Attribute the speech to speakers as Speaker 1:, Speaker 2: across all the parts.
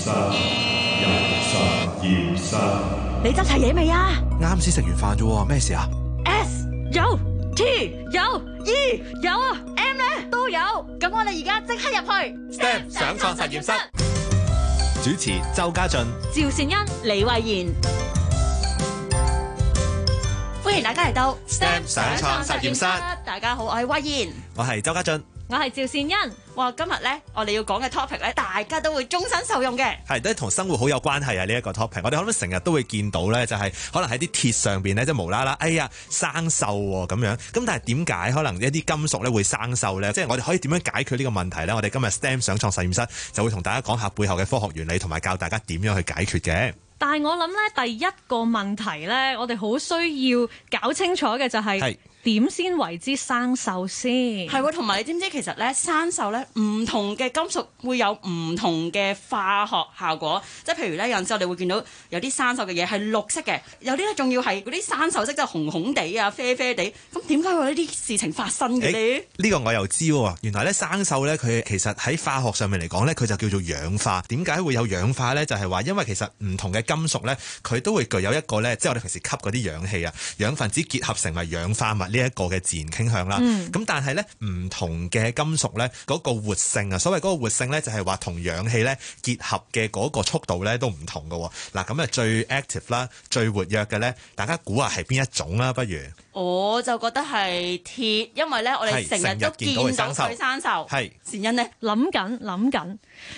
Speaker 1: 實驗室，
Speaker 2: 你執齊嘢未啊？
Speaker 1: 啱先食完飯啫，咩事啊
Speaker 2: ？S 有，T 有，E 有，M 呢都有，咁我哋而家即刻入去。STEM
Speaker 3: 上創實驗室，
Speaker 1: 主持周家俊、
Speaker 2: 趙善恩、李慧妍，歡迎大家嚟到 STEM 上創實驗室。大家好，我係慧妍，
Speaker 1: 我係周家俊。
Speaker 2: 我係趙善恩，哇！今日呢，我哋要講嘅 topic 呢，大家都會終身受用嘅。
Speaker 1: 係都係同生活好有關係啊！呢一個 topic，我哋可唔可以成日都會見到呢？就係、是、可能喺啲鐵上邊呢，即係無啦啦，哎呀，生銹咁、哦、樣。咁但係點解可能一啲金屬呢會生銹呢？即係我哋可以點樣解決呢個問題呢？我哋今日 STEM 上創實驗室就會同大家講下背後嘅科學原理，同埋教大家點樣去解決嘅。
Speaker 4: 但係我諗呢，第一個問題呢，我哋好需要搞清楚嘅就係、是。點先為之生鏽先？係喎，同埋你知唔知其實咧生鏽咧唔同嘅
Speaker 2: 金屬會有唔同嘅化學效果，即係譬如咧有陣時我哋會見到有啲生鏽嘅嘢係綠色嘅，有啲咧仲要係嗰啲生鏽色即係紅紅地啊、啡啡地，咁點解會有呢啲事情發生嘅咧？
Speaker 1: 欸，呢個我又知喎，原來咧生鏽咧佢其實喺化學上面嚟講咧佢就叫做氧化。點解會有氧化咧？就係話因為其實唔同嘅金屬咧，佢都會具有一個咧，即係我哋平時吸嗰啲氧氣啊、氧分子結合成為氧化物。呢一個嘅自然傾向啦，咁、嗯、但係咧唔同嘅金屬咧嗰、那個活性啊，所謂嗰個活性咧就係話同氧氣咧結合嘅嗰個速度咧都唔同嘅喎、啊。嗱、啊，咁啊最 active 啦，最活躍嘅咧，大家估下係邊一種啦、啊？不如
Speaker 4: 我就覺得係鐵，因為咧我
Speaker 1: 哋成日都見到佢生鏽，生善
Speaker 4: 欣咧諗緊諗緊，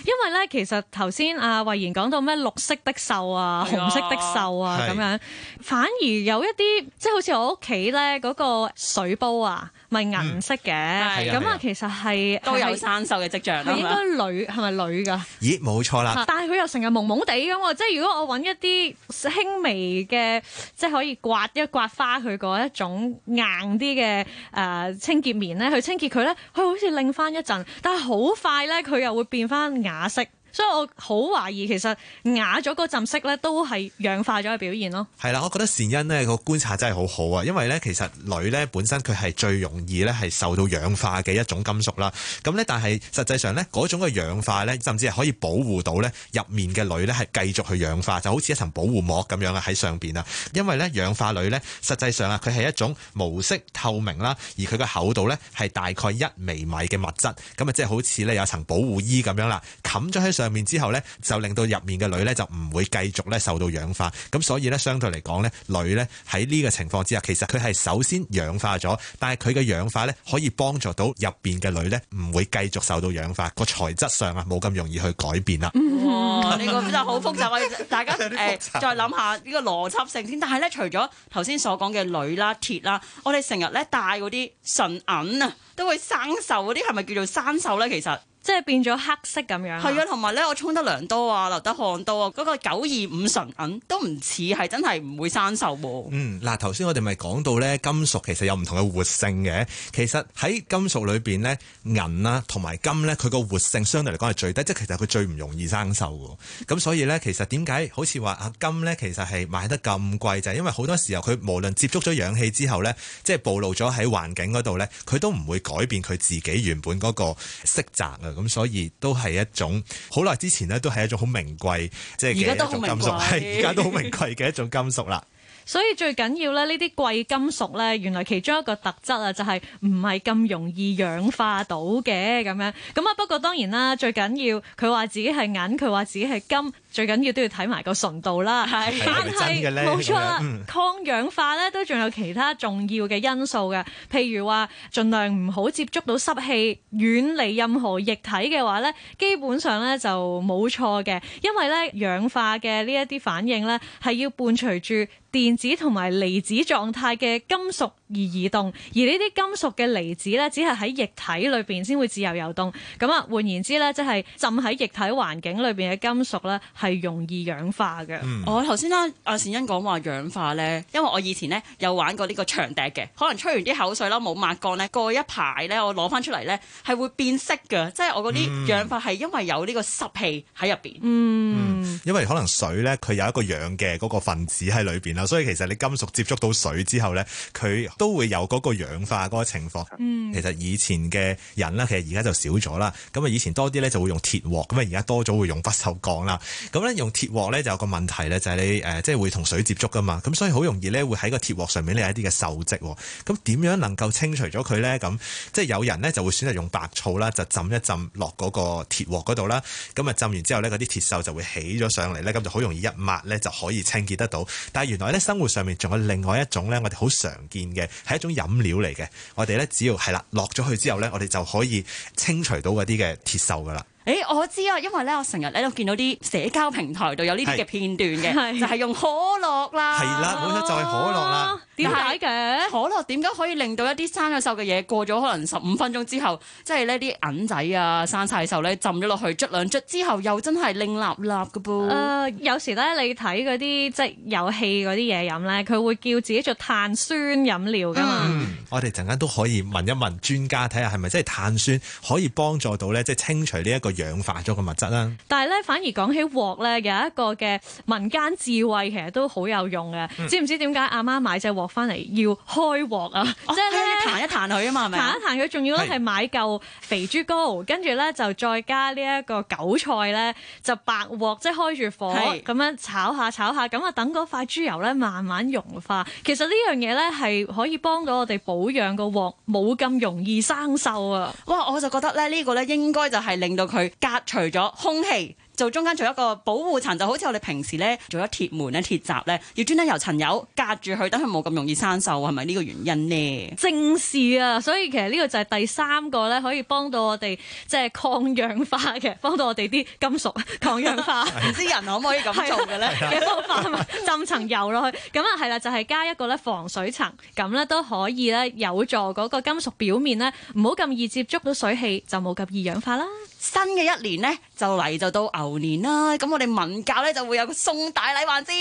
Speaker 4: 因為咧其實頭先阿慧賢講到咩綠色的鏽啊、紅色的鏽啊咁樣，哎、呀 是反而有一啲即係好似我屋企咧嗰個。水煲啊，咪銀色嘅，咁啊、嗯、其實係都有生鏽嘅跡象，係應該鋁，係咪鋁噶？
Speaker 1: 咦，冇錯啦，
Speaker 4: 但係佢又成日蒙蒙地咁喎，即係如果我揾一啲輕微嘅，即係可以刮一刮花佢嗰一種硬啲嘅誒清潔棉咧，去清潔佢咧，佢好似擰翻一陣，但係好快咧，佢又會變翻啞色。所以我好懷疑，其實啞咗個浸色咧，都係氧化咗嘅表現咯。
Speaker 1: 係啦，我覺得善欣呢個觀察真係好好啊，因為咧其實鋁咧本身佢係最容易咧係受到氧化嘅一種金屬啦。咁咧但係實際上咧嗰種嘅氧化咧，甚至係可以保護到咧入面嘅鋁咧係繼續去氧化，就好似一層保護膜咁樣啊喺上邊啊。因為咧氧化鋁咧實際上啊佢係一種無色透明啦，而佢嘅厚度咧係大概一微米嘅物質，咁啊即係好似咧有層保護衣咁樣啦，冚咗喺上面之後呢，就令到入面嘅鋁呢，就唔會繼續呢受到氧化，咁所以呢，相對嚟講呢，鋁呢喺呢個情況之下，其實佢係首先氧化咗，但係佢嘅氧化呢，可以幫助到入邊嘅鋁呢，唔會繼續受到氧化，個材質上啊冇咁容易去改變啦。
Speaker 2: 呢個就好複雜啊， 大家誒、 呃、再諗下呢個邏輯性先。但係呢，除咗頭先所講嘅鋁啦、鐵啦，我哋成日呢帶嗰啲純銀啊，都會生鏽嗰啲係咪叫做生鏽呢？其實？即係
Speaker 4: 變咗黑色咁樣。
Speaker 2: 係啊，同埋咧，我沖得涼多啊，流得汗多啊，嗰、那個九二五純銀都唔似係真係唔會生鏽喎、
Speaker 1: 啊。嗯，嗱、啊，頭先我哋咪講到咧，金屬其實有唔同嘅活性嘅。其實喺金屬裏邊咧，銀啦同埋金咧，佢個活性相對嚟講係最低，即係其實佢最唔容易生鏽嘅。咁所以咧，其實點解好似話啊金咧，其實係買得咁貴，就係、是、因為好多時候佢無論接觸咗氧氣之後咧，即係暴露咗喺環境嗰度咧，佢都唔會改變佢自己原本嗰個色澤。咁所以都係一種好耐之前咧，都係一種好名貴，即係一種金屬，係而家都好名貴嘅一種金屬啦。
Speaker 4: 所以最緊要咧，呢啲貴金屬咧，原來其中一個特質啊，就係唔係咁容易氧化到嘅咁樣。咁啊，不過當然啦，最緊要佢話自己係銀，佢話自己係金，最緊要都要睇埋個純度啦。係，真嘅咧，冇錯啦。 抗氧化咧，都仲有其他重要嘅因素嘅，譬如話盡量唔好接觸到濕氣，遠離任何液體嘅話咧，基本上咧就冇錯嘅，因為咧氧化嘅呢一啲反應咧係要伴隨住。電子同埋離子狀態嘅金屬而移動，而呢啲金屬嘅離子呢，只係喺液體裏邊先會自由游動。咁啊，換言之呢，即係浸喺液體環境裏邊嘅金屬呢，係容易氧化嘅。嗯，
Speaker 2: 我頭先啦，阿善恩講話氧化呢，因為我以前呢，有玩過呢個長笛嘅，可能吹完啲口水啦，冇抹乾呢，過一排呢，我攞翻出嚟呢，係會變色嘅，嗯，即係我嗰啲氧化係因為有呢個濕氣喺入邊。
Speaker 1: 嗯，嗯，因為可能水呢，佢有一個氧嘅嗰個分子喺裏邊。所以其實你金屬接觸到水之後呢，佢都會有嗰個氧化嗰個情況。嗯、其實以前嘅人呢，其實而家就少咗啦。咁啊，以前多啲呢，就會用鐵鍋，咁啊而家多咗會用不鏽鋼啦。咁、嗯、呢，用鐵鍋呢，就有個問題呢，就係、誒、你即係會同水接觸噶嘛。咁所以好容易呢，會喺個鐵鍋上面呢有一啲嘅鏽跡。咁點樣能夠清除咗佢呢？咁即係有人呢，就會選擇用白醋啦，就浸一浸落嗰個鐵鍋嗰度啦。咁啊浸完之後呢，嗰啲鐵鏽就會起咗上嚟呢，咁就好容易一抹呢，就可以清潔得到。但係原來，喺生活上面仲有另外一種咧，我哋好常見嘅，係一種飲料嚟嘅。我哋咧只要係啦，落咗去之後咧，我哋就可以清除到嗰啲嘅鐵鏽噶啦。誒、
Speaker 2: 欸、我知啊，因為咧我成日咧都見到啲社交平台度有呢啲嘅片段嘅，是就係用可樂啦，係
Speaker 1: 啦、哦，冇得就係、是、可樂啦，點解
Speaker 2: 嘅？可樂點解可以令到一啲生咗銹嘅嘢過咗可能十五分鐘之後，即係呢啲銀仔啊生晒銹咧浸咗落去捽兩捽之後又真係靚立立㗎噃。誒、呃、
Speaker 4: 有時咧你睇嗰啲即係有氣嗰啲嘢飲咧，佢會叫自己做碳酸飲料
Speaker 1: 㗎嘛。嗯、我哋陣間都可以問一問專家睇下係咪真係碳酸可以幫助到咧，即係清除呢、這、一個。氧化咗個物質啦，
Speaker 4: 但係咧反而講起鑊咧，有一個嘅民間智慧，其實都好有用嘅。嗯、知唔知點解阿媽買隻鑊翻嚟要開鑊啊？即係咧彈一彈佢啊嘛，彈一彈佢，仲是要咧係買嚿肥豬膏，跟住咧就再加呢一個韭菜咧，就白鑊即係開住火咁是樣炒下炒下，咁啊等嗰塊豬油咧慢慢融化。其實呢樣嘢咧係可以幫到我哋保養個鑊，冇咁容易生銹啊！哇，我就覺得咧呢個咧應該就係令到佢。
Speaker 2: 隔除咗空氣，就中間做一個保護層，就好似我哋平時咧做咗鐵門咧、鐵閘咧，要專登油層油隔住佢，等佢冇咁容易生鏽，係咪呢個原因呢？
Speaker 4: 正是啊，所以其實呢個就係第三個咧，可以幫到我哋即係抗氧化嘅，幫到我哋啲金屬抗氧化。唔知人可唔可以咁做嘅咧？嘅 方法是是浸層油落去咁啊，係啦，就係、是、加一個咧防水層，咁咧都可以咧有助嗰個金屬表面咧唔好咁易接觸到水氣，就冇咁易氧化啦。
Speaker 2: 新嘅一年呢，就嚟就到牛年啦，咁我哋民教呢就會有個送大禮環節。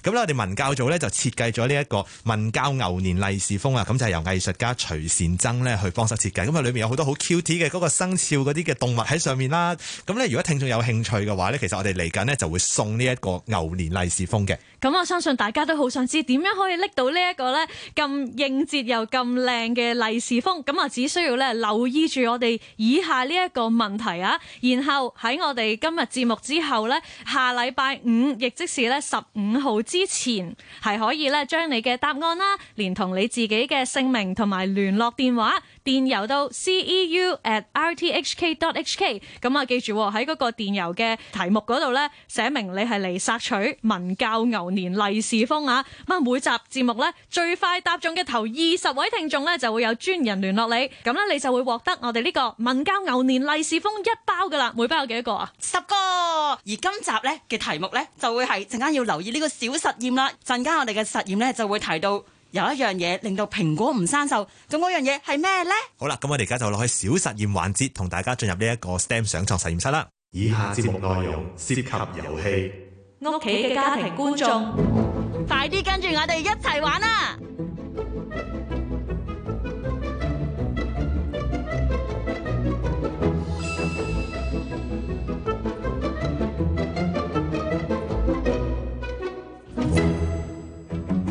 Speaker 1: 咁咧我哋民教組呢，就設計咗呢一個民教牛年利是封啊，咁就係由藝術家徐善增呢去幫手設計。咁啊，裏面有好多好 Q T 嘅嗰個生肖嗰啲嘅動物喺上面啦。咁呢，如果聽眾有興趣嘅話呢，其實我哋嚟緊呢就會送呢一個牛年利是封嘅。
Speaker 4: 咁我相信大家都好想知點樣可以拎到呢一個呢咁應節又咁靚嘅利是封。咁啊，只需要呢留意住我哋以下呢一個問題啊。然後喺我哋今日節目之後咧，下禮拜五，亦即是咧十五號之前，係可以咧將你嘅答案啦，連同你自己嘅姓名同埋聯絡電話電郵到 ceu@rthk.hk。咁啊，記住喺嗰個電郵嘅題目嗰度咧，寫明你係嚟索取文教牛年利是封啊！咁啊，每集節目咧最快答中嘅頭二十位聽眾咧，就會有專人聯絡你。咁咧，你就會獲得我哋呢個文教牛年利是封一包噶啦，每包有幾多個啊？十個。而今集咧嘅題目咧，就會係陣
Speaker 2: 間要留意呢個小實驗啦。陣間我哋嘅實驗咧，就會提到有一樣嘢令到蘋果唔生鏽，咁嗰樣嘢係咩咧？
Speaker 1: 好啦，咁我哋而家就落去小實驗環節，同大家進入呢一個 STEM 想創實驗室啦。以下節目內容涉及遊戲，屋企
Speaker 2: 嘅家庭觀眾，觀眾 快啲跟住我哋一齊玩啦！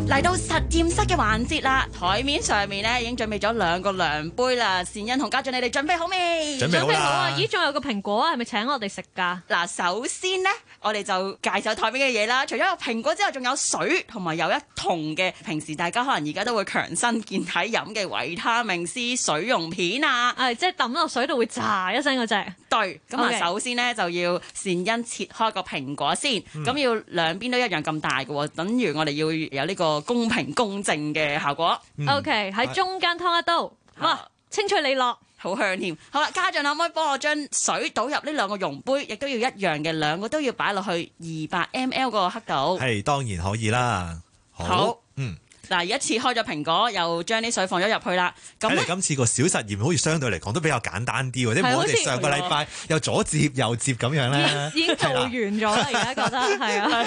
Speaker 2: 嚟到實驗室嘅環節啦，台面上面呢已經準備咗兩個量杯啦。善欣同家長，你哋準備好未？準備好啊！好咦，仲有個蘋果，啊？係咪請我哋食㗎？嗱，首先呢，我哋就介紹台面嘅嘢啦。除咗有蘋果之外，仲有水，同埋有一桶嘅平時大家可能而家都會強身健體飲嘅維他命 C 水溶片啊。即係抌落水度會炸一聲嗰隻。對，咁啊，首先呢，Okay. 就要善欣切開個蘋果先，咁、嗯、要兩邊都一樣咁大嘅喎，等於我哋要有呢、呢個。公平公正嘅效果。OK，喺中
Speaker 4: 間劏一刀。哇好，清脆利落，好香添。好啦，家長可唔可以幫我將
Speaker 2: 水倒入呢兩個溶杯，亦都要一樣嘅，兩個都要擺落去二百 mL 嗰個刻
Speaker 1: 度。係當然可以啦。好，好嗯。
Speaker 2: 嗱，而家一次開咗蘋果，又將啲水放咗入去啦。咁咧，今
Speaker 1: 次個小實驗好似相對嚟講都比較簡單啲，即係冇我哋上個禮拜又左接右接咁樣咧。已經做
Speaker 2: 完咗啦，而家覺得係啊。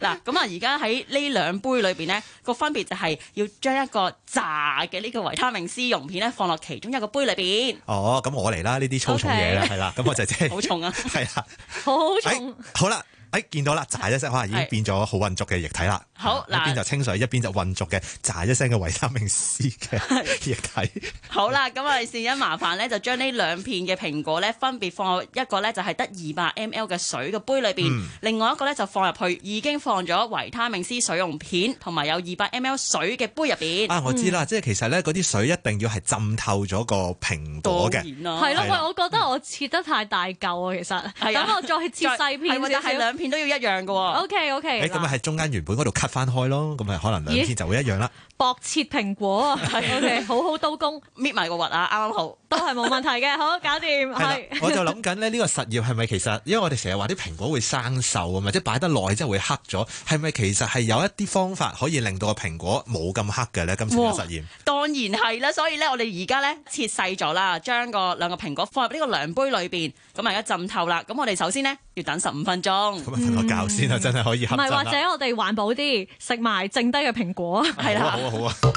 Speaker 2: 嗱，咁啊，而家喺呢兩杯裏邊咧，個分別就係要將一個炸嘅呢個維他命 C 溶片咧放落其中一個杯裏邊。
Speaker 1: 哦，咁我嚟啦，呢啲粗重嘢啦，係啦，咁我就即好重啊，係啦，好重。好啦，哎，見到啦，炸一聲，可能已經變咗好渾濁嘅液體啦。好，一邊就清水，一邊就混濁嘅，炸一聲嘅維他命 C 嘅液體。
Speaker 2: 好啦，咁我哋先一麻煩咧，就將呢兩片嘅蘋果咧，分別放入一個咧就係得二百 m l 嘅水嘅杯裏邊，另外一個咧就放入去已經放咗維他命 C 水溶片同埋有二百 m l 水嘅杯入邊。啊，我知啦，即係
Speaker 1: 其實咧嗰啲水一定要係浸透咗個蘋果嘅，係咯？喂，我
Speaker 4: 覺得我切得太大嚿啊，其實。咁我再切細片或者係兩片都要一樣嘅喎。O K O K。誒，咁啊喺
Speaker 1: 中間原本嗰度翻開咯，咁咪可能兩天就會一樣啦、
Speaker 4: 欸。薄切蘋果 ，OK，好好刀工，搣埋個核啊，啱啱好，都係冇問題嘅， 好，搞掂。
Speaker 2: 係我就諗
Speaker 1: 緊咧，呢、呢個實驗係咪其實，因為我哋成日話啲蘋果會生鏽啊嘛，即係擺得耐之後會黑咗，係咪其實係有一啲方法可以令到個蘋果冇咁黑嘅咧？今次嘅實驗、哦、
Speaker 2: 當然係啦，所以咧我哋而家咧切細咗啦，將個兩個蘋果放入呢個量杯裏邊，咁而家浸透啦。咁我哋首先呢要等十五分鐘，咁瞓個覺先
Speaker 1: 啊，真係可以黑。或者、嗯、我
Speaker 4: 哋環保啲。食埋剩低嘅蘋果，
Speaker 2: 係啦，啊 啊。
Speaker 1: 好啊，好
Speaker 4: 啊。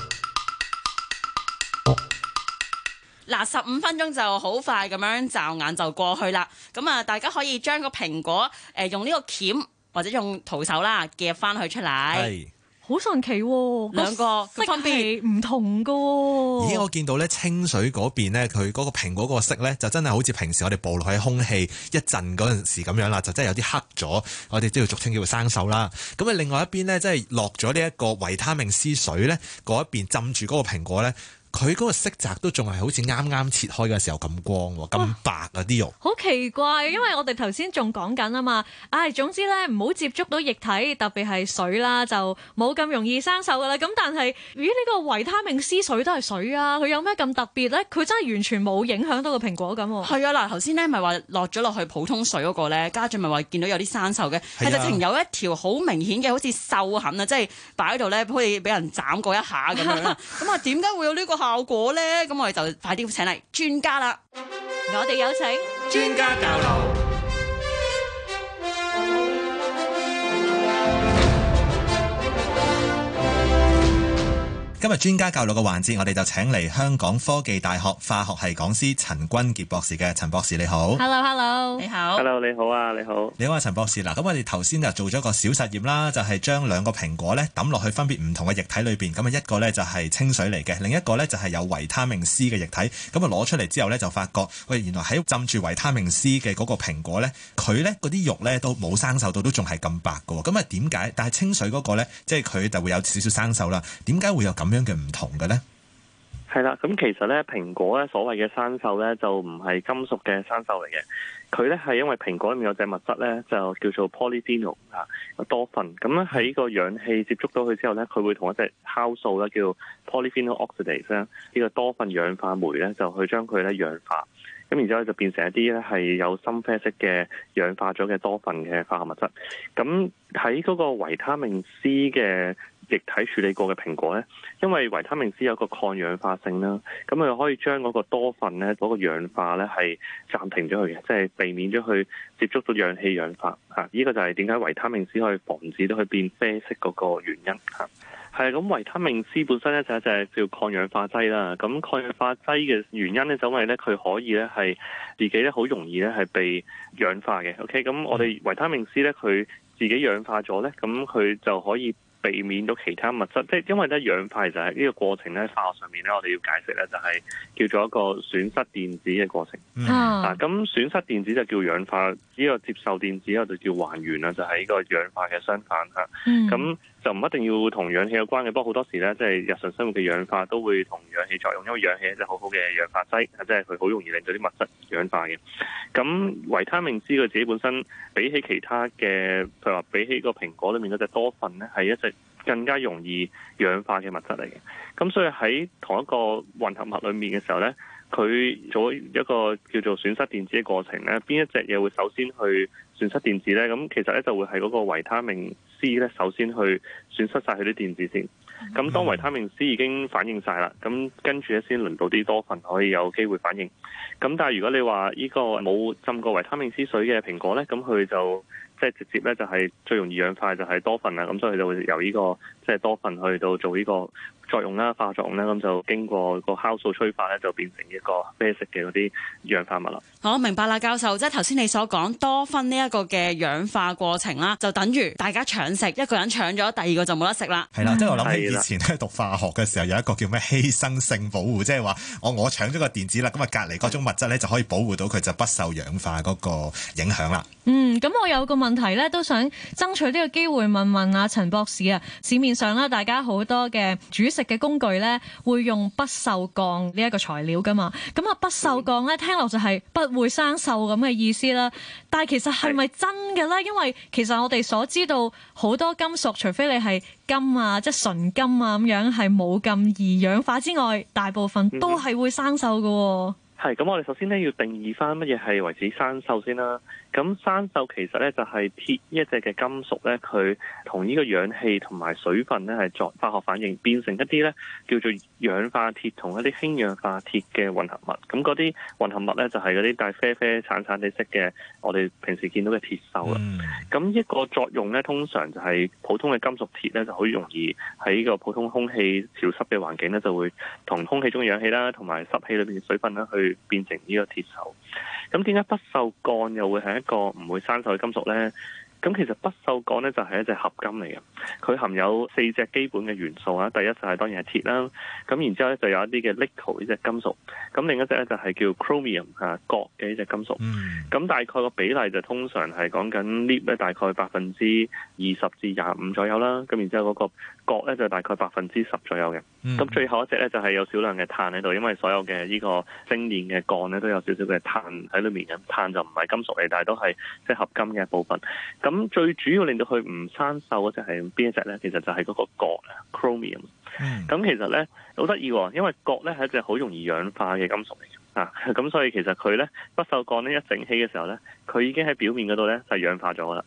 Speaker 4: 嗱， 十
Speaker 2: 五分鐘就好快咁樣眨眼就過去啦。咁啊，大家可以將，呃、個蘋果誒用呢個鉗或者用徒手啦夾翻佢出嚟。
Speaker 4: 好神奇啊，兩個色分別唔同噶。
Speaker 2: 咦，我
Speaker 1: 見到咧清水嗰邊咧，佢嗰個蘋果個色咧，就真係好似平時我哋暴露喺空氣一陣嗰陣時咁樣啦，就真係有啲黑咗。我哋都要俗稱叫做生銹啦。咁啊，另外一邊咧，即係落咗呢一個維他命 C 水咧，嗰一邊浸住嗰個蘋果咧。佢嗰個色澤都仲係好似啱啱切開嘅時候咁光、咁哇白啊！啲肉
Speaker 4: 好奇怪，因為我哋頭先仲講緊啊嘛。唉、哎，總之咧唔好接觸到液體，特別係水啦，就冇咁容易生鏽噶啦。咁但係如果呢個維他命 C 水都係水啊，佢有咩咁特別咧？佢真係完全冇影響到個蘋果咁。係啊，嗱頭先咧
Speaker 2: 咪話落咗落去普通水嗰個咧，家長咪話見到有啲生鏽嘅，係仲、啊、有一條好明顯嘅，好似鏽痕啊，即係擺喺度咧，好似俾人斬過一下咁樣。咁啊，點解會有呢、呢個？效果咧，咁我哋就快啲請嚟專家啦！
Speaker 4: 我哋有請專
Speaker 3: 家教路。
Speaker 1: 今日專家教路嘅環節，我哋就請嚟香港科技大學化學系講師陳鈞傑博士嘅陳博士，你好。
Speaker 3: Hello Hello，你好。Hello，
Speaker 1: 你好啊，你好。你好啊，陳博士嗱，咁我哋頭先就做咗個小實驗啦，就係、是、將兩個蘋果咧抌落去分別唔同嘅液體裏邊，咁啊一個咧就係清水嚟嘅，另一個咧就係有維他命 C 嘅液體，咁啊攞出嚟之後咧就發覺，喂，原來喺浸住維他命 C 嘅嗰個蘋果咧，佢咧嗰啲肉咧都冇生鏽到，都仲係咁白嘅喎，咁啊點解？但係清水嗰、那個咧，即係佢就會有少少生鏽啦，點解會有咁？咁樣嘅唔同嘅咧，
Speaker 3: 係啦，咁其實咧，蘋果咧所謂嘅生鏽咧，就唔係金屬嘅生鏽嚟嘅，佢咧係因為蘋果入面有隻物質咧，就叫做 Polyphenol 有多酚。咁咧喺個氧氣接觸到佢之後咧，佢會同一隻酵素咧叫 Polyphenol Oxidase 呢個多酚氧化酶咧，就去將佢咧氧化。咁然之後就變成一啲咧係有深啡色嘅氧化咗嘅多酚嘅化學物質。咁喺嗰個維他命 C 嘅液體處理過嘅蘋果咧，因為維他命 C 有個抗氧化性啦，咁佢可以將嗰個多酚咧嗰個氧化咧係暫停咗佢嘅，即係避免咗佢接觸到氧氣氧化。嚇，呢個就係點解維他命 C 可以防止到佢變啡色嗰個原因嚇。係咁，維他命 C 本身咧就一隻叫抗氧化劑啦。咁抗氧化劑嘅原因咧，就係因為咧佢可以咧係自己咧好容易咧係被氧化嘅。OK，咁我哋維他命 C 咧佢自己氧化咗咧，咁佢就可以避免到其他物質。即係因為咧氧化就係呢個過程咧，化學上面咧我哋要解釋咧就係叫做一個損失電子嘅過程。
Speaker 4: Mm hmm. 啊，
Speaker 3: 咁損失電子就叫氧化，只有接受電子我就叫還原啦，就係、是、呢個氧化嘅相反。啦、mm。咁、hmm. 嗯。就唔一定要同氧氣有關嘅，不過好多時咧，即係日常生活嘅氧化都會同氧氣作用，因為氧氣係一隻好好嘅氧化劑，即係佢好容易令到啲物質氧化嘅。咁維他命 C 佢自己本身比起其他嘅，譬如話比起個蘋果裏面嗰隻多酚咧，係一隻更加容易氧化嘅物質嚟嘅。咁所以喺同一個混合物裏面嘅時候咧。佢做一個叫做損失電子嘅過程咧，邊一隻嘢會首先去損失電子咧？咁其實咧就會係嗰個維他命 C 咧，首先去損失晒佢啲電子先。咁當維他命 C 已經反應晒啦，咁跟住咧先輪到啲多酚，可以有機會反應。咁但係如果你話呢個冇浸過維他命 C 水嘅蘋果咧，咁佢就即係直接咧就係最容易氧化就係多酚啦。咁所以佢就會由呢、這個即係、就是、多酚去到做呢、這個作用啦，化作用啦，咁就經過個酵素催化咧，就變成一個啡色嘅嗰啲氧化物啦。
Speaker 2: 好，明白啦，教授，即係頭先你所講多酚呢一個嘅氧化過程啦，就等於大家搶食，一個人搶咗，第二個就冇得食啦。係啦，即係我諗起以
Speaker 1: 前咧讀化學嘅時候，有一個叫咩犧牲性保護，即係話我我搶咗個電子啦，咁啊隔籬嗰種物質咧就可以保護到佢就不受氧化嗰個影響啦。嗯，
Speaker 4: 咁我有個問題咧，都想爭取呢個機會問問阿陳博士啊，市面上咧大家好多嘅主食嘅工具咧，會用不銹鋼呢一個材料噶嘛？咁啊，不銹鋼咧聽落就係不會生銹咁嘅意思啦。但係其實係咪真嘅咧？因為其實我哋所知道好多金屬，除非你係金啊，即係純金啊咁樣係冇咁易氧化之外，大部分都係會生銹噶喎。
Speaker 3: 係咁，我哋首先咧要定義翻乜嘢係為止生鏽先啦。咁生鏽其實咧就係、是、鐵一隻嘅金屬咧，佢同呢個氧氣同埋水分咧係作化學反應，變成一啲咧叫做氧化鐵同一啲氫氧，氧化鐵嘅混合物。咁嗰啲混合物咧就係嗰啲帶啡啡、橙橙地色嘅，我哋平時見到嘅鐵鏽啦。咁一、嗯、個作用咧，通常就係普通嘅金屬鐵咧就好容易喺個普通空氣潮濕嘅環境咧，就會同空氣中嘅氧氣啦，同埋濕氣裏邊嘅水分啦去。變成呢個鐵鏽，咁點解不鏽鋼又會係一個唔會生鏽嘅金屬咧？咁其實不鏽鋼咧就係一隻合金嚟嘅，佢含有四隻基本嘅元素啊。第一就係、是、當然係鐵啦，咁然之後咧就有一啲嘅 nickel 呢隻金屬，咁另一隻咧就係叫 chromium 嚇鉻嘅呢隻金屬。咁、嗯、大概個比例就通常係講緊 nickel 咧大概百分之二十至廿五左右啦。咁然之後嗰個鉻咧就大概百分之十左右嘅。咁、嗯、最後一隻咧就係有少量嘅碳喺度，因為所有嘅呢個精煉嘅鋼咧都有少少嘅碳喺裏面嘅。碳就唔係金屬嚟，但係都係即係合金嘅一部分。咁最主要令到佢唔生鏽嗰隻係邊一隻呢？其實就係嗰個鉻，Chromium。咁其實呢，好得意喎，因為鉻呢係一隻好容易氧化嘅金屬嚟嘅啊，咁所以其實佢呢，不鏽鋼呢一整起嘅時候呢，佢已經喺表面嗰度呢就氧化咗啦。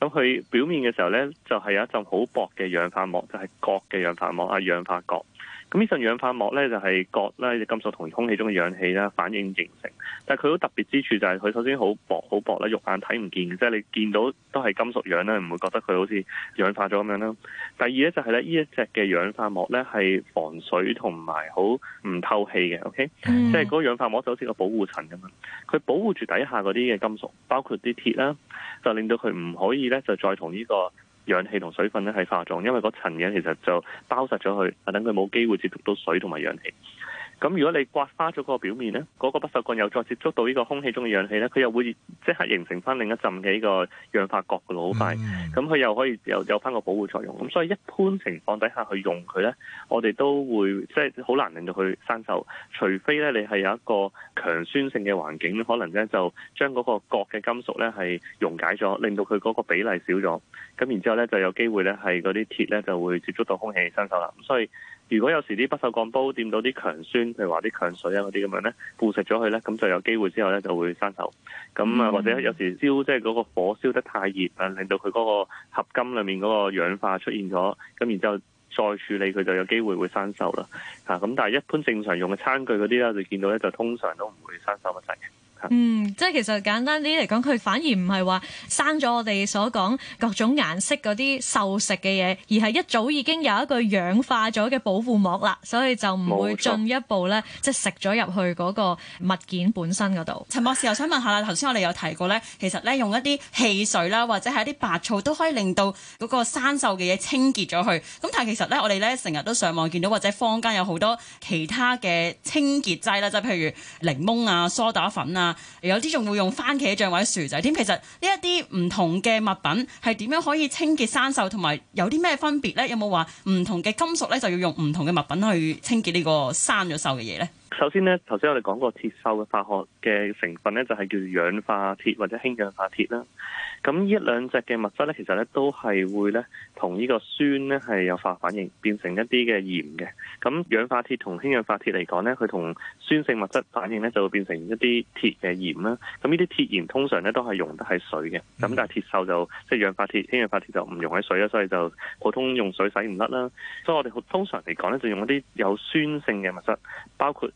Speaker 3: 咁佢表面嘅時候呢，就係、是、有一層好薄嘅氧化膜，就係鉻嘅氧化膜啊，氧化鉻。咁呢層氧化膜咧就係鉻啦，呢隻金屬同空氣中嘅氧氣啦反應形成。但係佢好特別之處就係佢首先好薄，好薄啦，肉眼睇唔見，即係你見到都係金屬樣啦，唔會覺得佢好似氧化咗咁樣啦。第二咧就係、是、咧，呢一隻嘅氧化膜咧係防水同埋好唔透氣嘅，OK，、mm. 即係嗰個氧化膜就好似個保護層咁樣，佢保護住底下嗰啲嘅金屬，包括啲鐵啦，就令到佢唔可以咧就再同呢、這個。氧氣同水分咧係化妝，因為嗰層嘢其實就包實咗佢，等佢冇機會接觸到水同埋氧氣。咁如果你刮花咗個表面呢，嗰、那個不鏽鋼又再接觸到呢個空氣中嘅氧氣呢，佢又會即刻形成翻另一陣嘅呢個氧化鉻嘅咯，好快、mm。咁、hmm. 佢又可以又有翻個保護作用。咁、嗯、所以一般情況底下去用佢呢，我哋都會即係好難令到佢生鏽，除非呢，你係有一個強酸性嘅環境，可能呢就將嗰個鉻嘅金屬呢係溶解咗，令到佢嗰個比例少咗。咁然之後呢，就有機會呢係嗰啲鐵呢就會接觸到空氣生鏽啦。咁所以。如果有時啲不鏽鋼煲掂到啲強酸，譬如話啲強水啊嗰啲咁樣咧，腐蝕咗佢咧，咁就有機會之後咧就會生鏽。咁啊，嗯、或者有時燒即係嗰個火燒得太熱啊，令到佢嗰個合金裡面嗰個氧化出現咗，咁然之後再處理佢就有機會會生鏽啦。嚇！咁但係一般正常用嘅餐具嗰啲啦，就見到咧就通常都唔會生鏽乜滯。
Speaker 4: 嗯，即係其實簡單啲嚟講，佢反而唔係話生咗我哋所講各種顏色嗰啲鏽蝕嘅嘢，而係一早已經有一個氧化咗嘅保護膜啦，所以就唔會進一步呢，冇錯。即係食咗入去嗰個物件本身嗰度。陳博士，又想問下啦，頭先我
Speaker 2: 哋有提過呢，其實呢，用一啲汽水啦，或者係一啲白醋都可以令到嗰個生鏽嘅嘢清潔咗佢。咁但係其實呢，我哋呢，成日都上網見到，或者坊間有好多其他嘅清潔劑啦，即係譬如檸檬啊、梳打粉啊。有啲仲會用番茄醬或者薯仔添，其實呢一啲唔同嘅物品係點樣可以清潔生鏽？同埋有啲咩分別呢？有冇話唔同嘅金屬呢，就要用唔同嘅物品去清潔呢個生咗鏽嘅嘢呢？
Speaker 3: 首先咧，頭先我哋講過鐵鏽嘅化學嘅成分咧，就係、是、叫做氧化鐵或者氫氧化鐵啦。咁呢一兩隻嘅物質咧，其實咧都係會咧同呢個酸咧係有化反應，變成一啲嘅鹽嘅。咁氧化鐵同氫氧化鐵嚟講咧，佢同酸性物質反應咧，就會變成一啲鐵嘅鹽啦。咁呢啲鐵鹽通常咧都係溶得喺水嘅。咁、嗯、但係鐵鏽就即係、就是、氧化鐵、氫氧化鐵就唔溶喺水啦，所以就普通用水洗唔甩啦。所以我哋通常嚟講咧，就用一啲有酸性嘅物質，包括。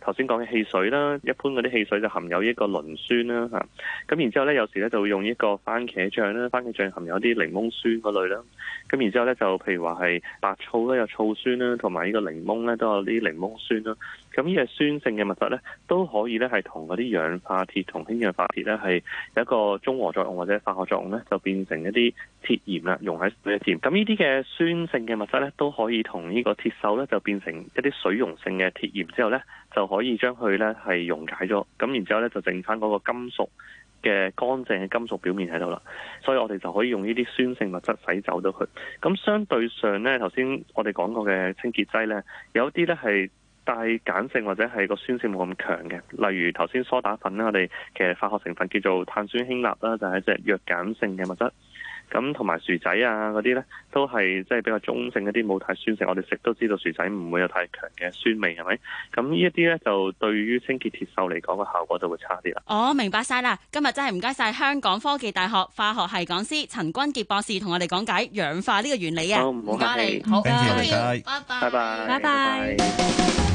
Speaker 3: 頭先講嘅汽水啦，一般嗰啲汽水就含有一個磷酸啦嚇，咁然之後咧，有時咧就會用一個番茄醬啦，番茄醬含有啲檸檬酸嗰類啦，咁然之後咧就譬如話係白醋啦，有醋酸啦，同埋呢個檸檬咧都有啲檸檬酸啦。咁呢啲酸性嘅物質咧，都可以咧係同嗰啲氧化鐵同氫氧化鐵咧係有一個中和作用或者化學作用咧，就變成一啲鐵鹽啦，溶喺水嘅鹽。咁呢啲嘅酸性嘅物質咧，都可以同呢個鐵鏽咧就變成一啲水溶性嘅鐵鹽之後咧。就可以將佢呢係溶解咗，咁然之後呢，就剩翻嗰個金屬嘅乾淨嘅金屬表面喺度啦，所以我哋就可以用呢啲酸性物質洗走咗佢。咁相對上呢，頭先我哋講過嘅清潔劑呢，有啲呢係帶鹼性或者係個酸性冇咁強嘅，例如頭先梳打粉呢，我哋其實化學成分叫做碳酸氫鈉啦，就係一隻弱鹼性嘅物質。咁同埋薯仔啊嗰啲呢都係即係比較中性嗰啲，冇太酸性。我哋食都知道薯仔唔會有太強嘅酸味，係咪？咁呢一啲呢，就對於清潔鐵鏽嚟講嘅效果就會差啲啦。
Speaker 2: 哦，明白晒啦，今日真係唔該晒香港科技大學化學系講師陳鈞傑博士同我哋講解氧化呢個原理啊！唔該、哦、你，好，唔該拜拜，拜拜。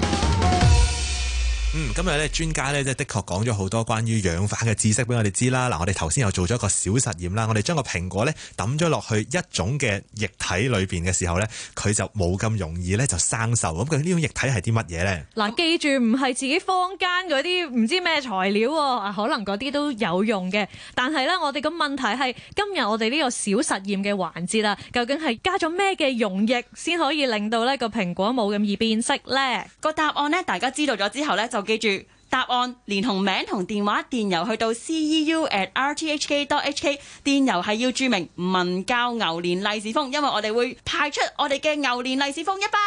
Speaker 1: 嗯，今日咧專家咧，即係的確講咗好多關於氧化嘅知識俾我哋知啦。嗱，我哋頭先又做咗一個小實驗啦。我哋將個蘋果咧揼咗落去一種嘅液體裏邊嘅時候咧，佢就冇咁容易咧就生鏽。咁究竟呢種液體係啲乜嘢咧？
Speaker 4: 嗱，記住唔係自己坊間嗰啲唔知咩材料喎、啊，可能嗰啲都有用嘅。但係咧，我哋嘅問題係今日我哋呢個小實驗嘅環節啦、啊，究竟係加咗咩嘅溶液先可以令到呢個蘋果冇咁易變色咧？個答案
Speaker 2: 呢，大家知道咗之後咧就。記住答案，連同名同電話電郵去到 ceu@rthk.hk，電郵係要注明文教牛年利是封，因為我哋會派出我哋嘅牛年利是封一包。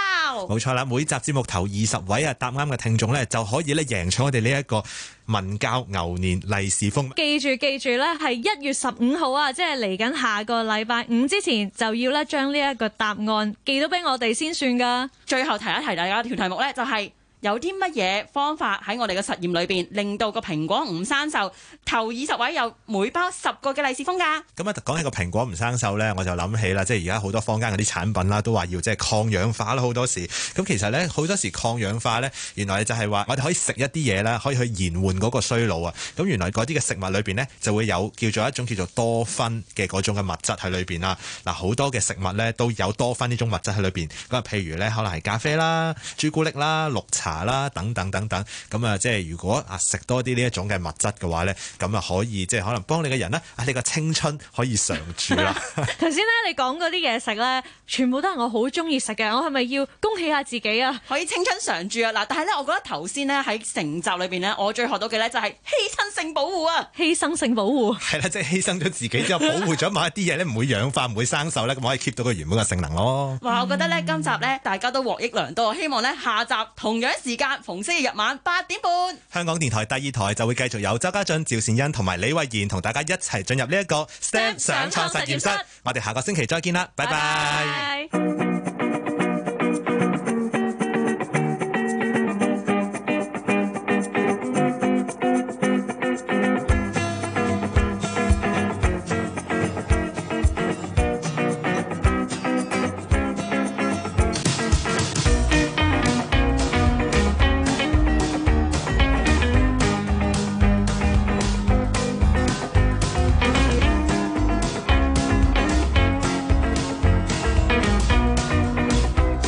Speaker 1: 冇錯啦，每集節目頭二十位啊答啱嘅聽眾咧，就可以咧贏取我哋呢一個文教牛年利是封。記
Speaker 4: 住記住，呢係一月十五號啊，即係嚟緊下個禮拜五之前就要咧將呢一個答案寄到俾我哋先算噶。最後提一提大家條題目呢，就係、是。
Speaker 2: 有啲乜嘢方法喺我哋嘅實驗裏邊，令到個蘋果唔生鏽？頭二十位有每包十個嘅利是封㗎。
Speaker 1: 咁啊，講起個蘋果唔生鏽呢，我就諗起啦，即係而家好多坊間嗰啲產品啦，都話要即係抗氧化啦，好多時。咁其實呢，好多時抗氧化呢，原來就係話我哋可以食一啲嘢啦，可以去延緩嗰個衰老啊。咁原來嗰啲嘅食物裏邊呢，就會有叫做一種叫做多酚嘅嗰種嘅物質喺裏邊啦。嗱，好多嘅食物呢，都有多酚呢種物質喺裏邊。咁啊，譬如呢，可能係咖啡啦、朱古力啦、綠茶。啦，等等等等，咁啊，即係如果啊食多啲呢一種嘅物質嘅話咧，咁啊可以即係可能幫你嘅人呢，啊你個青春可以常住啦。
Speaker 4: 頭先咧你講嗰啲嘢食咧，全部都係我好中意食嘅，我係咪要恭喜下自己啊？可以青春常住啊！嗱，但係
Speaker 2: 咧，我覺得頭先咧喺成集裏邊咧，我最學到嘅咧就係犧牲性保護啊，犧牲性
Speaker 1: 保護係啦，即係犧牲咗自己之後，保護咗某一啲嘢咧，唔會氧化，唔會生鏽咧，咁可以 keep 到個原本嘅性能咯。
Speaker 2: 哇、嗯，我覺得咧今集咧大家都獲益良多，希望咧下集同樣。時間逢星期日晚八點半，
Speaker 1: 香港電台第二台就會繼續有周家俊、趙善恩同埋李慧賢同大家一齊進入呢一個 STEM 想創實驗室。 我哋下個星期再見啦，拜拜
Speaker 3: bye。Bye bye